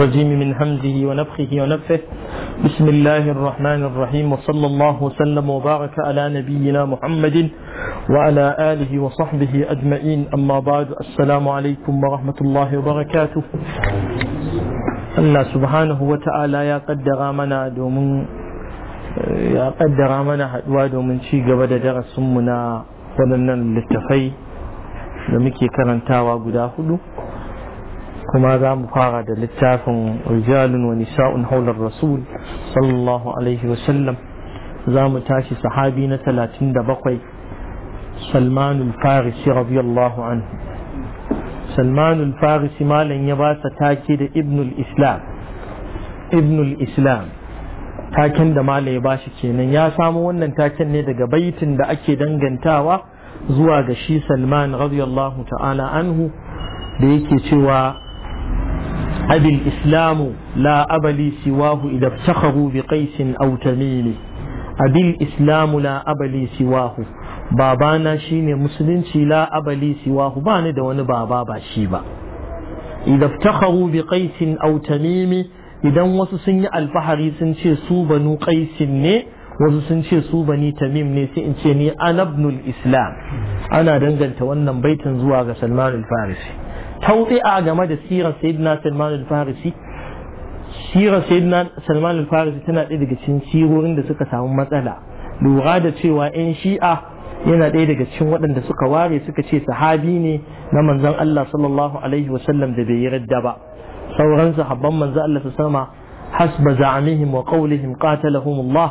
الرجيم من همزه ونفخه ونفه بسم الله الرحمن الرحيم وصلى الله وسلم وبارك على نبينا محمد وعلى آله وصحبه أجمعين أما بعد السلام عليكم ورحمة الله وبركاته الله سبحانه وتعالى يا قدر منا دومن يا قدر منا حدوا دومن شي قبل درس منا ولنا للتفي لمكي كرنتاوا قدا خلو kuma za mu fara da littafin rijalun wa nisa'un haular rasul sallallahu alaihi wasallam za mu tashi sahabi na talatin da bakwai salmanul farisi radiyallahu anhu malam ya ba take da ibnul islam ibnul islam taken da malam ya bashi kenan ya samo wannan taken ne daga baitin da ake dangantawa zuwa ga shi salman radiyallahu ta'ala anhu da yake cewa أبي الإسلام لا أبلي سواه إذا افتخروا بقيس أو تميل أبي الإسلام لا أبلي سواه بابانا شين مسلم شي لا أبلي سواه بان دون بابا باشيبا إذا افتخروا بقيس أو تميم إذا وسسن الفحري سنشي سوبنو قيس ني wasu sun ce su bani tamim ne sai in ce ni anabnul islam ana danganta wannan baitin zuwa ga salman al-farisi tautsi'a game da siran sayyidina salman al-farisi Siran sayyidina salman al-farisi tana ɗaya daga cikin sirorin da suka samu matsala lura da cewa yan shi'a yana ɗaya daga cikin waɗanda suka ware suka ce sahabi ne na manzon Allah sallallahu alaihi wasallam da bai yi radda ba sauran sahabban manzon Allah Sama, hasba za'amihim wa qawlihim qatalahum Allah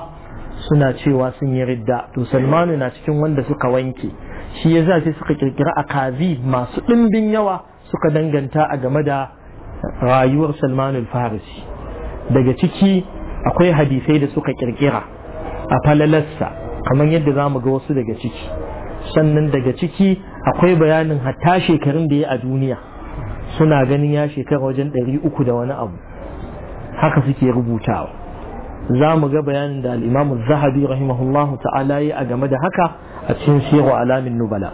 suna cewa sun yi ridda to Salmanu na cikin wanda suka wanke shi yasa sai suka kirkira akazi masu ɗimbin yawa suka danganta a game da rayuwar salmanul farisi daga ciki akwai hadisai da suka kirkira a falalarsa kamar yadda za mu ga wasu daga ciki sannan daga ciki akwai bayanin hatta shekarun da ya a duniya suna ganin ya shekara wajen ɗari uku da wani abu haka suke rubutawa za mu ga bayanin da al'imamu zahabi rahimahullahu ta'ala yi a game da haka a cikin shiru alamin nubala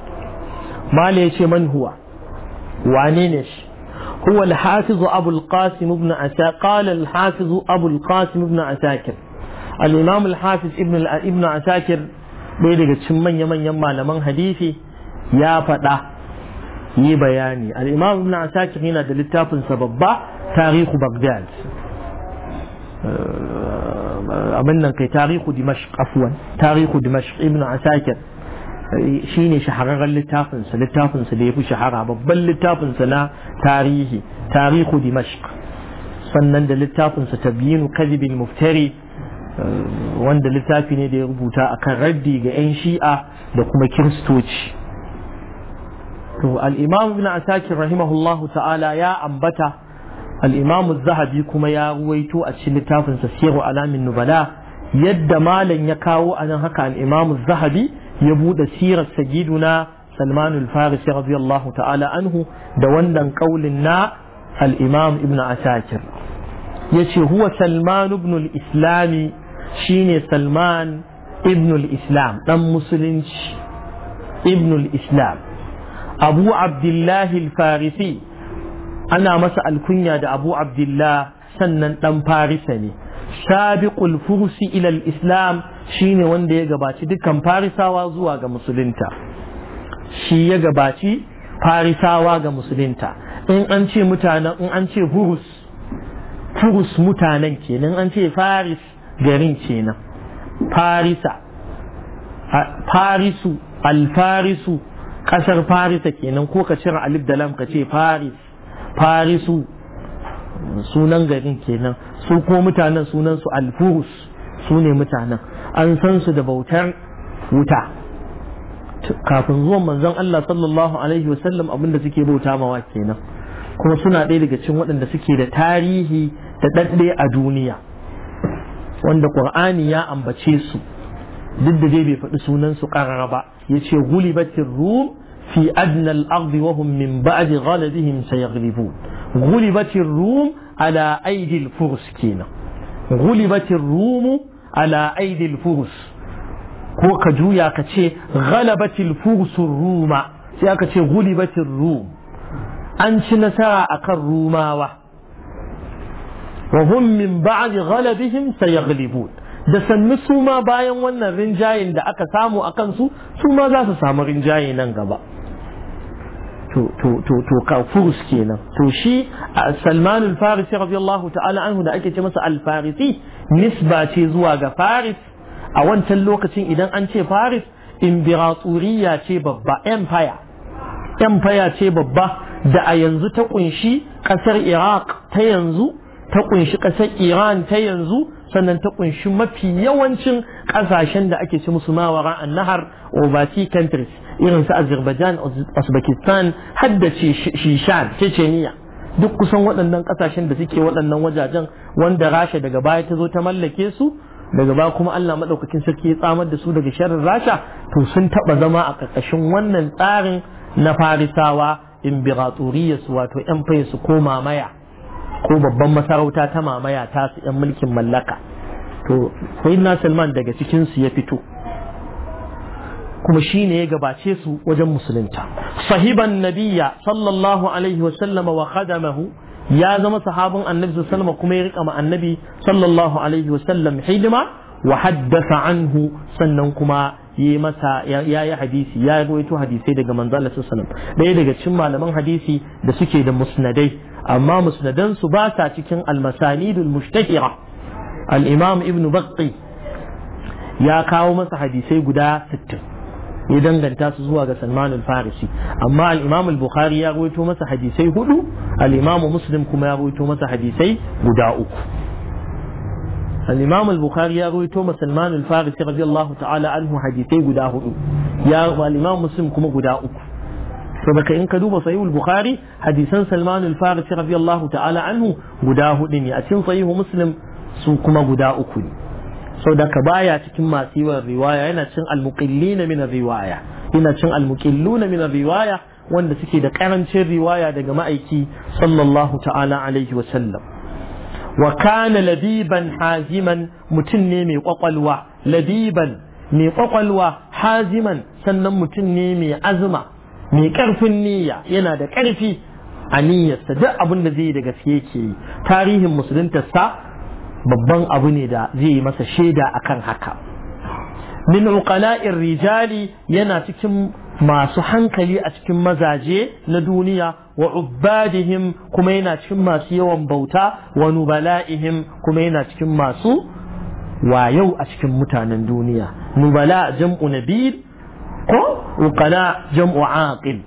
Malam ya ce man huwa wane ne shi هو الحافظ أبو القاسم ابن عساكر قال الحافظ أبو القاسم ابن عساكر الإمام الحافظ ابن ابن عساكر ɗaya daga cikin manya-manyan malaman hadisi ya fada yi bayani al'imam ibn asakir yana da littafinsa babba tarihu baghdad abin nan kai tarihu dimashq afwan tarihu dimashq ibn asakir shi ne shahararren littafinsa littafinsa da ya fi shahara babban littafinsa na tarihi tarihu dimashq sannan da littafinsa tabyinu kadhibin muftari eh, wanda littafi ne da ya rubuta akan raddi ga 'yan shi'a da kuma kiristoci to al'imam ibn asakir rahimahullahu ta'ala ya ambata al'imam zahabi kuma ya ruwaito a cikin littafinsa siru alamin nubala yadda malam ya kawo a nan haka al'imam zahabi ya buɗe sirar sagiduna salmanul farisi radiyallahu ta'ala anhu da wannan ƙaulin na al'imam ibn asakir ya ce huwa salman ibn islami shine salman ibn islam ɗan musulunci ibn islam abu abdullahi farisi ana masa alkunya da abu Abdullahi sannan ɗan farisa ne sabiqul fursi ila islam Shi ne wanda ya gabaci dukkan farisawa zuwa ga musulunta shi ya gabaci farisawa ga musulunta in an ce mutanen in an ce hurus furus mutanen kenan an ce faris garin kenan farisa farisu alfarisu kasar farisa kenan ko ka cire alif da lam ka ce faris farisu sunan garin kenan su ko mutanen sunansu su alfurus su ne mutanen an san su da bautar wuta kafin zuwan manzon Allah sallallahu alaihi wasallam abinda suke bauta mawa kenan kuma suna ɗaya daga cikin waɗanda suke da tarihi da ɗaɗɗe a duniya wanda ƙur'ani ya ambace su duk da bai faɗi sunan su ƙarara ba ya ce gulibatin rum fi adna al-ardi wa hum min ba'di ghalabihim sayaghlibun gulibatin rum ala aidil furs kenan gulibatin rumu ala aidil furs ko ka juya ka ce ghalabatil fursur ruma sai aka ce ghulibatir rum an ci nasara akan rumawa wa hum min ba'di ghalabihim sayaghlibun da sannu su ma bayan wannan rinjayen da aka samu akan su su ma za su samu rinjaye nan gaba to kafurus kenan to shi salman al-farisi radiyallahu ta'ala anhu da ake ci masa alfarisi farisi nisba ce zuwa ga faris a wancan lokacin idan an ce faris imbiratsuriya ce babba empire empire ce babba da a yanzu ta kunshi kasar iraq ta yanzu ta kunshi kasar iran ta yanzu sannan ta kunshi mafi yawancin kasashen da ake ci masu mawara a nahar or countries irin su azerbaijan uzbekistan hadda shishan chechenia duk kusan waɗannan ƙasashen da suke waɗannan wajajen wanda rasha daga baya ta zo ta mallake su daga baya kuma allah maɗaukakin sarki ya tsamar da su daga sharar rasha to sun taɓa zama a ƙarƙashin wannan tsarin na farisawa imbiratoriyarsu wato yan su ko mamaya ko babban masarauta ta mamaya ta su yan mulkin mallaka to sayyidina salman daga cikinsu ya fito kuma shi ne ya gabace su wajen musulunta sahiban nabiya sallallahu alaihi wa wa khadamahu ya zama sahabin annabi sallama kuma ya rika ma annabi sallallahu alaihi wa hidima wa haddasa anhu sannan kuma yi masa ya yi hadisi ya rawaito hadisai daga manzo Allah sallallahu alaihi daga cikin malaman hadisi da suke da musnadai amma musnadan su ba sa cikin almasanidul mushtahira al-imam ibnu baqi ya kawo masa hadisai guda 60 ya danganta su zuwa ga Salman al-Farisi amma al-Imam al-Bukhari ya rawaito masa hadisai hudu al-Imam Muslim kuma ya rawaito masa hadisai guda uku al-Imam al-Bukhari ya rawaito masa Salman al-Farisi radiyallahu ta'ala anhu hadisai guda hudu ya al-Imam Muslim kuma guda uku saboda in ka duba sahih al-Bukhari hadisan Salman al-Farisi radiyallahu ta'ala anhu guda hudu ne a cikin sahih Muslim su kuma guda uku ne saudaka ka baya cikin masu wa riwaya yana cin na mina riwaya yana cin na min riwaya wanda suke da karancin riwaya daga ma'aiki sallallahu ta'ala alaihi wa wa kana labiban haziman mutum ne mai kwakwalwa labiban mai kwakwalwa haziman sannan mutum ne mai azuma mai karfin niyya yana da karfi a niyyarsa duk abin da zai da gaske yake yi tarihin musuluntarsa babban abu ne da zai yi masa shaida a kan haka min uqala'ir rijali yana cikin masu hankali a cikin mazaje na duniya wa ubbadihim kuma yana cikin masu yawan bauta wa nubala'ihim kuma yana cikin masu wayau a cikin mutanen duniya nubala jam'u nabil ko uqala jam'u aqil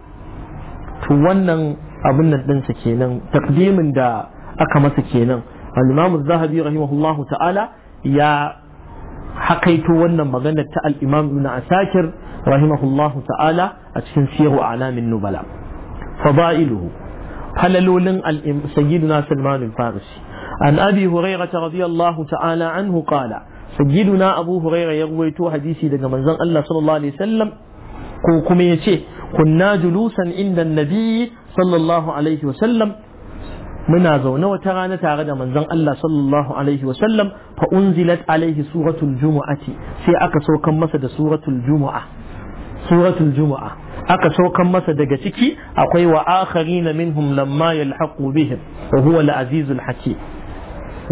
to wannan abin nan ɗinsa kenan takdimin da aka masa kenan الإمام الذهبي رحمه الله تعالى يا حكيت ون مغنى الإمام ابن عساكر رحمه الله تعالى أتشنسيه أعلام النبلاء فضائله حللول سيدنا سلمان الفارسي عن أبي هريرة رضي الله تعالى عنه قال سيدنا أبو هريرة يروي حديثي لك من الله صلى الله عليه وسلم كوكوميتي كنا جلوسا عند النبي صلى الله عليه وسلم muna zaune wata rana tare da manzon Allah sallallahu alaihi wa sallam fa unzilat alaihi suratul jumu'ati sai aka saukan masa da suratul jumu'a suratul jumu'a aka saukan masa daga ciki akwai wa akharina minhum lamma yalhaqu bihim wa huwa al-azizul hakim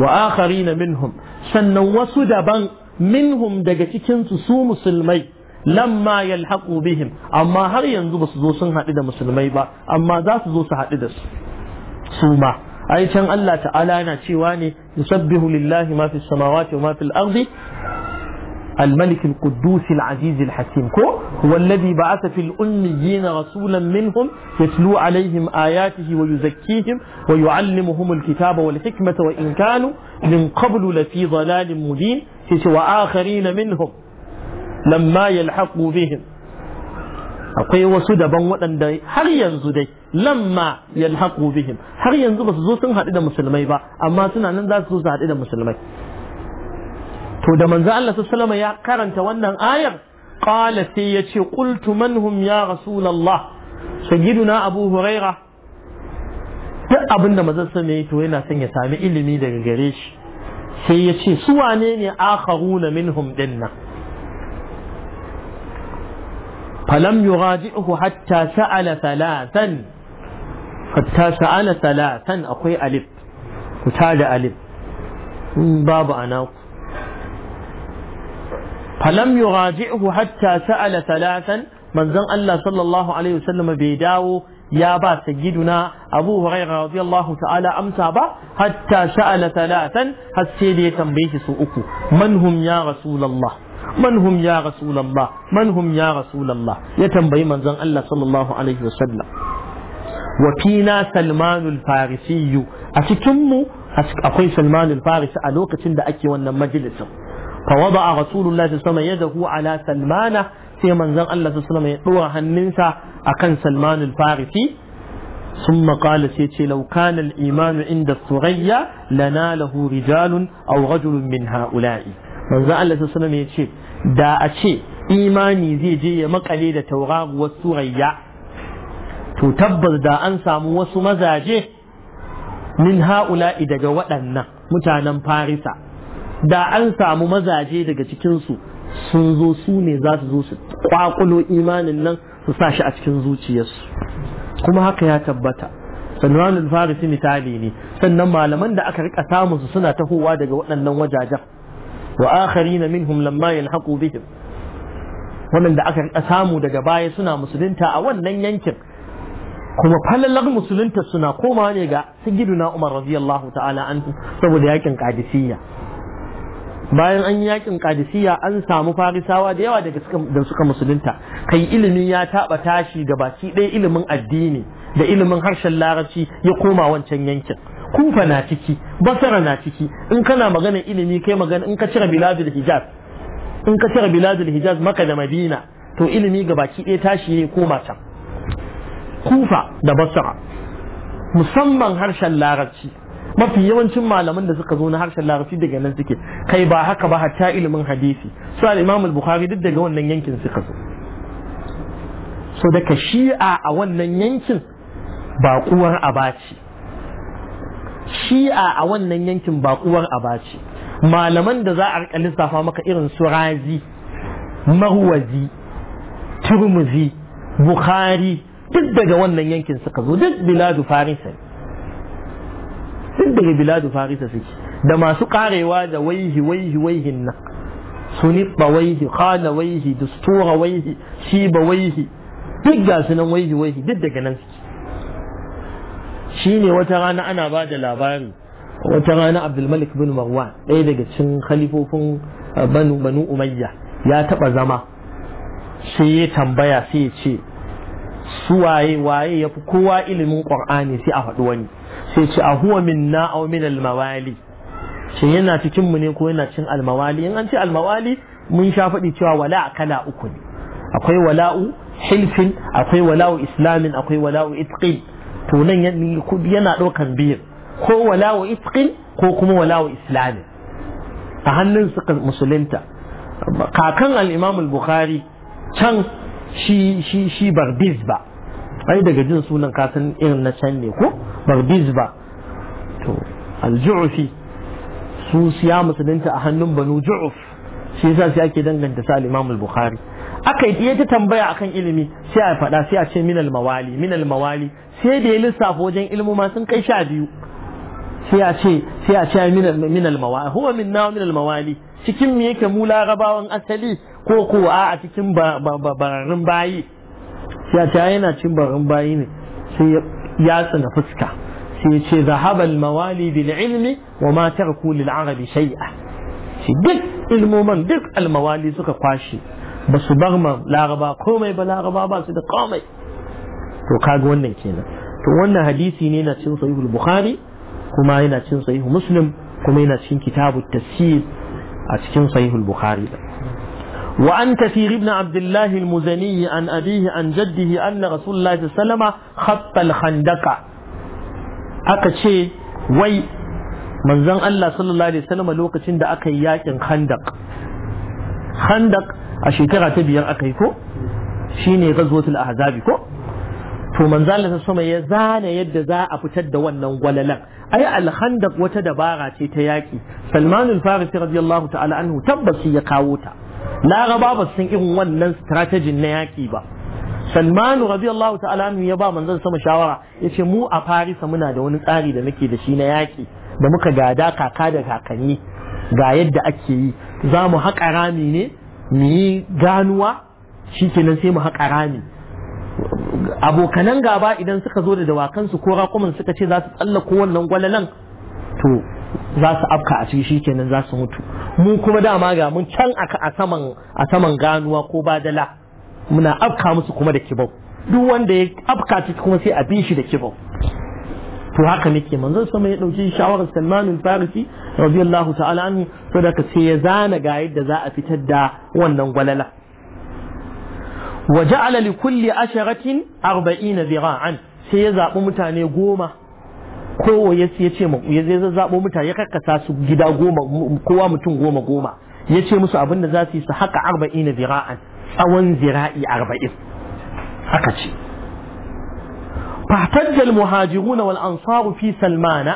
wa akharina minhum sannan wasu daban minhum daga cikin su su musulmai lamma yalhaqu bihim amma har yanzu ba su zo sun haɗu da musulmai ba amma za su zo su haɗu da su su ma ai can Allah ta'ala yana cewa ne yusabbihu lillahi ma fi samawati wa ma ardi الملك القدوس العزيز الحكيم كو هو الذي بعث في الأميين رسولا منهم يتلو عليهم آياته ويزكيهم ويعلمهم الكتاب والحكمة وإن كانوا من قبل لفي ضلال مبين وآخرين منهم لما يلحقوا بهم akwai wasu daban waɗanda har yanzu dai lamma yalhaqu bihim har yanzu ba su zo sun haɗu da musulmai ba amma suna nan za su zo su haɗu da musulmai to da manzo Allah sallallahu alaihi ya karanta wannan ayar qala sai yace qultu man hum ya rasulullah sayyiduna abu huraira duk abin da manzo sallallahu alaihi to yana son ya sami ilimi daga gare shi sai yace su wane ne akharuna minhum dinna falam yuraji'uhu hatta hatta sa'ala thalathan akwai alif ku tada alif babu ana falam yuraji'uhu hatta sa'ala thalathan manzon Allah sallallahu alaihi wasallam bai dawo ya ba sayyiduna Abu Hurairah radiyallahu ta'ala amsa ba hatta sha'ala talatan har da ya tambaye shi su uku man hum ya Rasulallah. man hum ya rasulullah man hum ya rasulullah ya tambayi manzon Allah sallallahu alaihi wasallam wa fina salmanul farisi a cikin mu akwai salmanul farisi a lokacin da ake wannan majalisin fa wada rasulullah sallallahu alaihi wasallam yadahu ala salmana sai manzon Allah sallallahu alaihi wasallam ya dora hannunsa akan salmanul farisi ثم قال سيتي لو كان الإيمان عند الثريا لناله رجال أو رجل من هؤلاء manzo Allah sallallahu sunan ya ce da a ce imani zai je ya makale da tauraruwar surayya to tabbas da an samu wasu mazaje min ha'ula'i daga waɗannan mutanen farisa da an samu mazaje daga cikinsu sun zo su ne za su zo su kwakulo imanin nan su sa shi a cikin zuciyarsu kuma haka ya tabbata sanwanin farisi misali ne sannan malaman da aka rika samun su suna tahowa daga waɗannan wajajen wa akharina minhum lamma yalhaqu bihim wannan da aka samu daga baya suna musulunta a wannan yankin kuma falalar musulunta suna koma ne ga na Umar radiyallahu ta'ala anhu saboda yakin Qadisiyya bayan an yakin Qadisiyya an samu Farisawa da yawa daga da suka musulunta kai ilimi ya taba tashi ga baki ɗaya ilimin addini da ilimin harshen larabci ya koma wancan yankin kufa na ciki basara na ciki in kana magana ilimi kai magana in ka cire biladul hijaz in ka cire biladul hijaz maka da madina to ilimi ga baki ɗaya tashi ne koma can kufa da basara musamman harshen larabci mafi yawancin malaman da suka zo na harshen larabci daga nan suke kai ba haka ba hatta ilimin hadisi su al-imam al-bukhari duk daga wannan yankin suka zo so daga shi'a a wannan yankin ba kuwar abaci shi'a a wannan yankin bakuwar aba ce malaman da za a rika lissafa maka irin su razi marwazi turmuzi bukhari duk daga wannan yankin suka zo duk biladu farisa duk daga biladu farisa suke da masu karewa da waihi waihi waihin nan sunifa waihi khana waihi dustura waihi shiba waihi duk ga sunan waihi waihi duk daga nan suke Shi ne wata rana ana ba da labari wata rana abdulmalik bin marwan ɗaya daga cikin khalifofin uh, banu banu umayya ya taɓa zama sai ya tambaya sai ya ce su waye waye ya fi kowa ilimin ƙwar'ani sai a faɗi wani sai ce a huwa min na aw min almawali shin yana cikin mu ne ko yana cikin almawali in an ce almawali mun sha faɗi cewa wala kala uku ne akwai wala'u hilfin akwai wala'u islamin akwai wala'u itqin Tunan yana ɗaukar biyun ko walawa itqin ko kuma walawa a hannun suka musulunta kakan al bukhari can shi shi shi barbiz ba ai daga jin sunan kasan irin na can ne ko barbiz ba to al-ju'fi su siya musulunta a hannun banu ju'uf shi yasa sai ake danganta sa al bukhari aka yi ta tambaya akan ilimi sai a faɗa sai a ce minal mawali minal mawali sai da ya lissafa wajen ilmuma sun kai sha biyu sai a ce sai a ce minal mawali huwa min nawa minal mawali cikin me yake mu larabawan asali ko ko a cikin bararrun bayi sai a ce yana cikin bararrun bayi ne sai ya tsina fuska sai ya ce zahabal mawali bil ilmi wa ma tarku lil arabi shay'a duk ilmoman duk almawali suka kwashe ba su bar ma laraba komai ba laraba ba su da komai to kaga wannan kenan to wannan hadisi ne na cin sahihul bukhari kuma yana cin sahihul muslim kuma yana cin kitabu tafsir a cikin sahihul bukhari wa an kathir ibn abdullah al-muzani an abihi an jaddihi anna rasulullah sallallahu alaihi khandaqa aka ce wai manzon Allah sallallahu alaihi wasallam lokacin da aka yi yakin khandaq khandaq a shekara ta biyar aka yi ko shine ghazwatul ahzabi ko to manzo Allah sama ya zana yadda za a fitar da wannan gwalalan ai alhandaq wata dabara ce ta yaki Salman al-Farisi radiyallahu ta'ala anhu tabbas ya kawo ta raba ba sun irin wannan strategy na yaki ba Salman radiyallahu ta'ala anhu ya ba manzan sama shawara yace mu a Farisa muna da wani tsari da muke da shi na yaki da muka gada kaka da kakanni ga yadda ake yi za mu haƙa rami ne mu yi ganuwa shikenan sai mu haƙa rami abokanan gaba idan suka zo da dawakansu ko raƙumin suka ce za su tsallako wannan gwalalan to za su afka a ciki shikenan za su mutu mu kuma dama ga mun can a saman ganuwa ko badala muna afka musu kuma da kibau duk wanda ya afka ciki kuma sai a bi shi da kibau to haka nake manzon sama ya dauki shawarar Salman al-Farisi ta'ala anhu sadaka sai ya zana ga yadda za a fitar da wannan gwalala wa ja'ala li kulli asharatin 40 zira'an sai ya zabi mutane goma kowa ya ce ya mutane ya karkasa su gida goma kowa mutum goma goma ya ce musu abin da za su yi su haka arba'ina zira'an tsawon zira'i arba'in haka ce فاحتج المهاجرون والأنصار في سلمان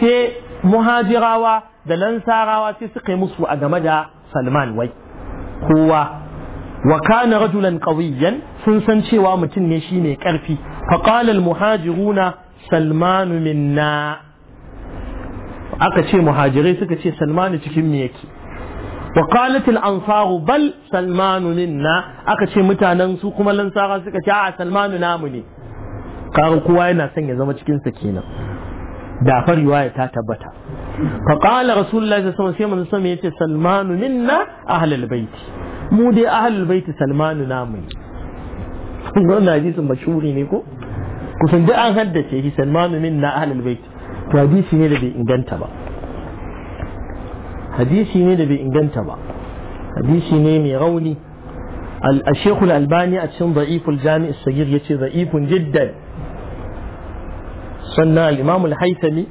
sai muhajirawa da lansarawa sai suka yi musu a game da salman wai kowa wa kana rajulan qawiyan sun san cewa mutum ne shi mai karfi fa qala al muhajiruna salman minna aka ce muhajirai suka ce salmanu cikin mu yake wa qalat al ansaru bal salmanu minna aka ce mutanen su kuma lansara suka ce a salmanu namu ne kaga kowa yana son ya zama cikin sa kenan da fa ya ta tabbata fa qala rasulullahi sallallahu alaihi wasallam sai manzo sallallahu yace salmanu minna ahlul bait mu dai ahlul bait salmanu namu wannan hadisi mashhuri ne ko kusan duk an haddace shi salmanu minna ahlul bait to hadisi ne da bai inganta ba hadisi ne da bai inganta ba hadisi ne mai rauni الشيخ الألباني أتشن ضعيف الجامع الصغير يتي ضعيف جدا sannan al'imamu al-haitami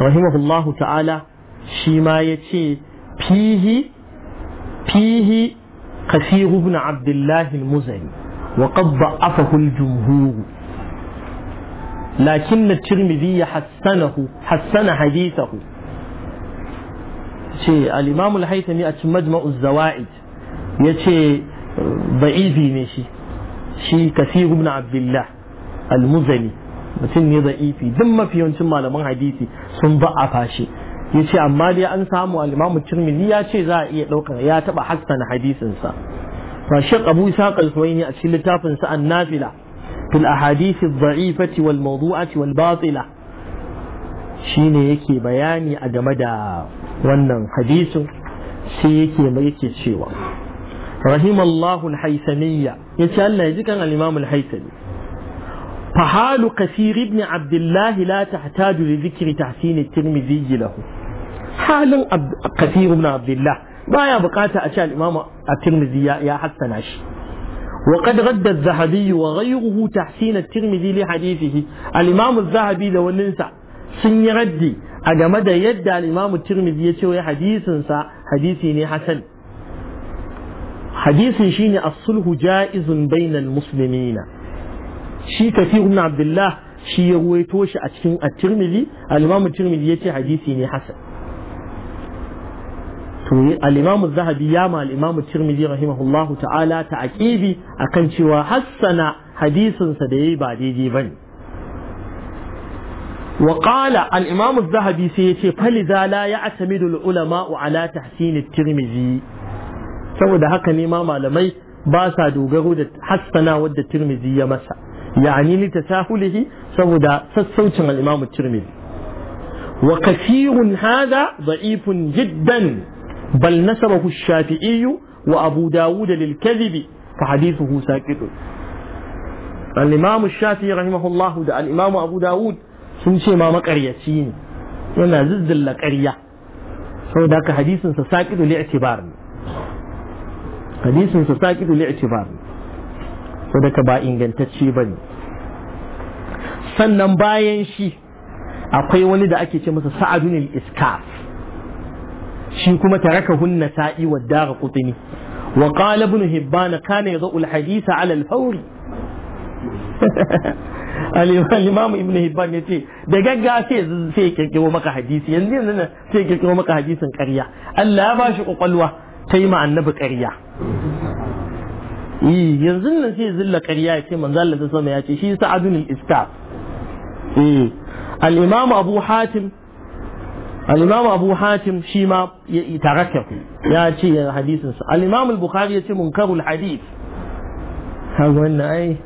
rahimahullahu ta'ala shi ma ya ce fihi fihi kasiru ibn abdullahi al-muzani wa qad da'afahu al-jumhur lakin at-tirmidhi hassanahu hassana hadithahu ce al-imam al-haythami a cikin majma'u zawaid yace da'ifi ne shi shi kasiru ibn abdullah al-muzani mutum ne za'ifi duk mafi yawancin malaman hadisi sun ba a fashi ya ce amma dai an samu alimamu tirmidhi ya ce za a iya ɗaukar ya taɓa hassana hadisinsa fa shek abu isa kalsuwaini a cikin littafinsa an nafila fil ahadisi za'ifati wal mawdu'ati wal batila shine yake bayani a game da wannan hadisin sai yake yake cewa rahimallahu al-haysamiyya yace Allah ya jikan kan al-imam al فحال كثير بن عبد الله لا تحتاج لذكر تحسين الترمذي له حال كثير بن عبد الله بايا بقاتا الإمام الترمذي يا حسن عشي وقد رد الذهبي وغيره تحسين الترمذي لحديثه الإمام الذهبي لو ننسى سن يردي raddi يد الامام الترمذي yadda alimamu حديث ya ce wai hadisinsa hadisi ne hasan hadisin shi kafi ibn abdullah shi ya ruwaito shi a cikin at-tirmidhi al-imam tirmidhi yace hadisi ne hasan to al-imam zahabi ya ma al-imam tirmidhi rahimahullahu ta'ala a akan cewa hassana hadisin sa da yayi ba daidai bane وقال الإمام الذهبي سيتي فلذا لا ulama العلماء على تحسين الترمذي saboda haka ne ma malamai ba sa dogaro da hassana wadda tirmizi ya masa يعني لتساهله سودا سسوتن الإمام الترمذي وكثير هذا ضعيف جدا بل نسبه الشافعي وأبو داود للكذب فحديثه ساكت الإمام الشافعي رحمه الله دا الإمام أبو داود سنشي ما مقريتين yana zizzilla ƙarya saboda haka hadisinsa saƙidu li'tibar ne hadisinsa saƙidu li'tibar ne sadaka ba ingantacce ba ne sannan bayan shi akwai wani da ake ce masa sa'adun iskaf shi kuma taraka hunna sa'i wa dara kutini wa qala ibn hibban kana yadhu al haditha ala al fawri al-imam ibn hibban yace da gagga sai sai ya kirkiro maka hadisi yanzu yanzu sai ya kirkiro maka hadisin ƙarya Allah ya bashi kwakwalwa ta yi ma annabi ƙarya eh yanzu nan sai zilla ƙarya ya ce manzo Allah sallallahu alaihi ya ce shi sa'adun al-istaf eh al-imam Abu Hatim al-imam Abu Hatim shi ma ya taraka ya ce hadisin sa al-imam al-Bukhari ya ce munkarul hadith ha wannan ai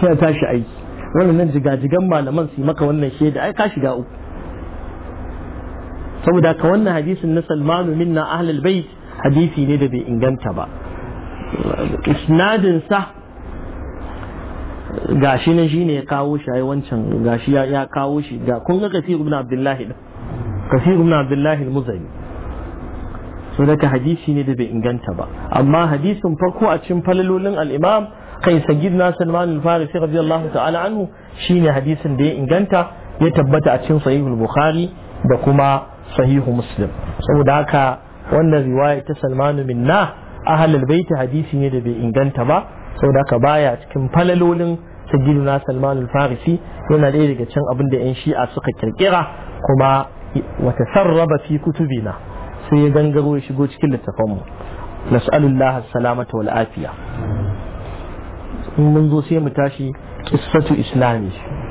sai tashi aiki wannan nan jigajigan malaman su maka wannan shaida ai ka shiga uku saboda ka wannan hadisin na Salmanu minna ahlul bait hadisi ne da bai inganta ba isnadinsa gashi na shi ne ya kawo shi a wancan shi ya kawo shi ga kun ga kafir ibn abdullahi kafir ibn abdullahi muzani so daga hadisi ne da bai inganta ba amma hadisin farko a cikin falalolin al-imam kai sayyidina salman al-farisi radiyallahu ta'ala anhu shine hadisin da ya inganta ya tabbata a cikin sahihul bukhari da kuma sahihu muslim saboda haka wannan riwaya ta salmanu minna ahalul baiti hadisi ne da bai inganta ba saboda haka baya cikin falalolin sayyiduna Salman al-Farisi yana ɗaya daga cikin abin da 'yan Shi'a suka kirkira kuma wata sarraba fi kutubina sai ya gangaro ya shigo cikin littafanmu nas'alullah salamata wal afiya in mun zo sai mu tashi qissatu islami